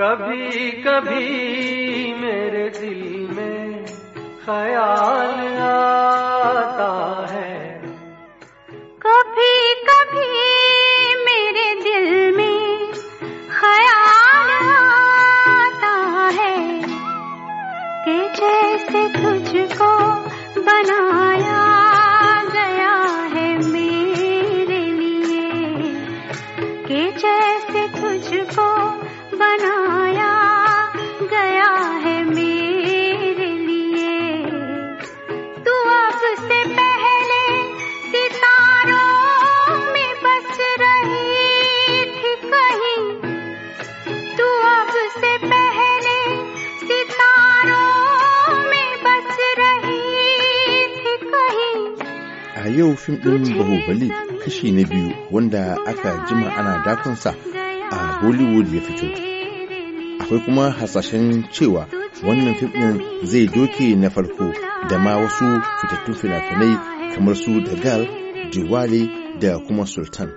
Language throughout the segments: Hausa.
कभी कभी मेरे दिल में ख्याल आता है कभी कभी मेरे दिल में ख्याल आता है कि जैसे तुझको बनाया गया है मेरे लिए कि जैसे तुझको a yau fim ɗin bahubali kashi na biyu wanda aka jima ana dakonsa a bollywood ya fito akwai kuma hasashen cewa wannan fim ɗin zai doke na farko da ma wasu fitattun finafinai kamar su da gal diwali da kuma sultan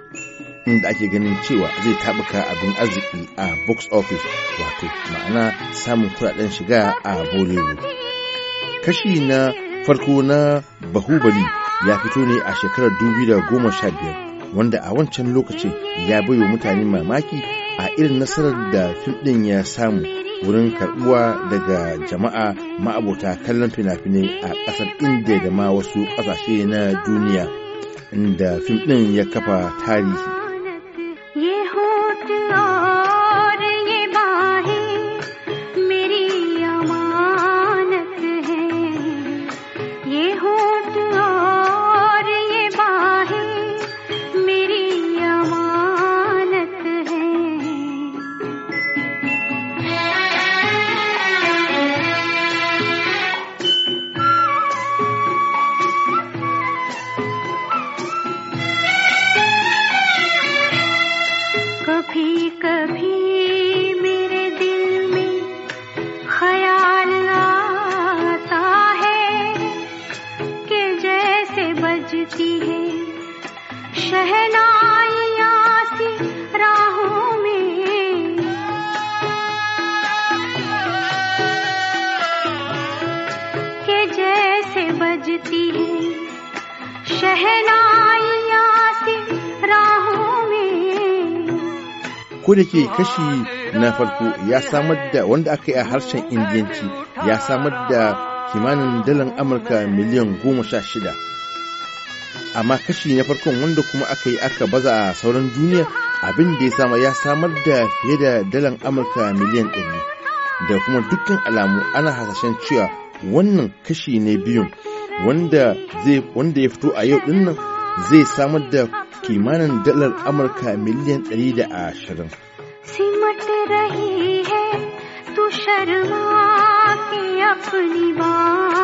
inda ake ganin cewa zai tabuka abin arziki a box office wato ma'ana samun kuɗaɗen shiga a bollywood kashi na farko na bahubali ya fito ne a shekarar 2015 wanda a wancan lokacin ya bayo mutane mamaki a irin nasarar da fim ɗin ya samu wurin karbuwa daga jama'a ma'abota kallon fina-finai a ƙasar india da ma wasu ƙasashe na duniya inda fim ɗin ya kafa tarihi है शहनाइया ko da ke kashi na farko ya samar da wanda aka yi a harshen indiyanci ya samar da kimanin dalar amurka miliyan goma sha shida amma kashi na farkon wanda kuma aka yi aka baza a sauran duniya abin da ya sama ya samar da fiye da dalar amurka miliyan ɗari da kuma dukkan alamu ana hasashen cewa wannan kashi ne biyun wanda ya fito a yau dinnan zai samar da kimanin dalar amurka miliyan 120 da ashirin. अपनी बात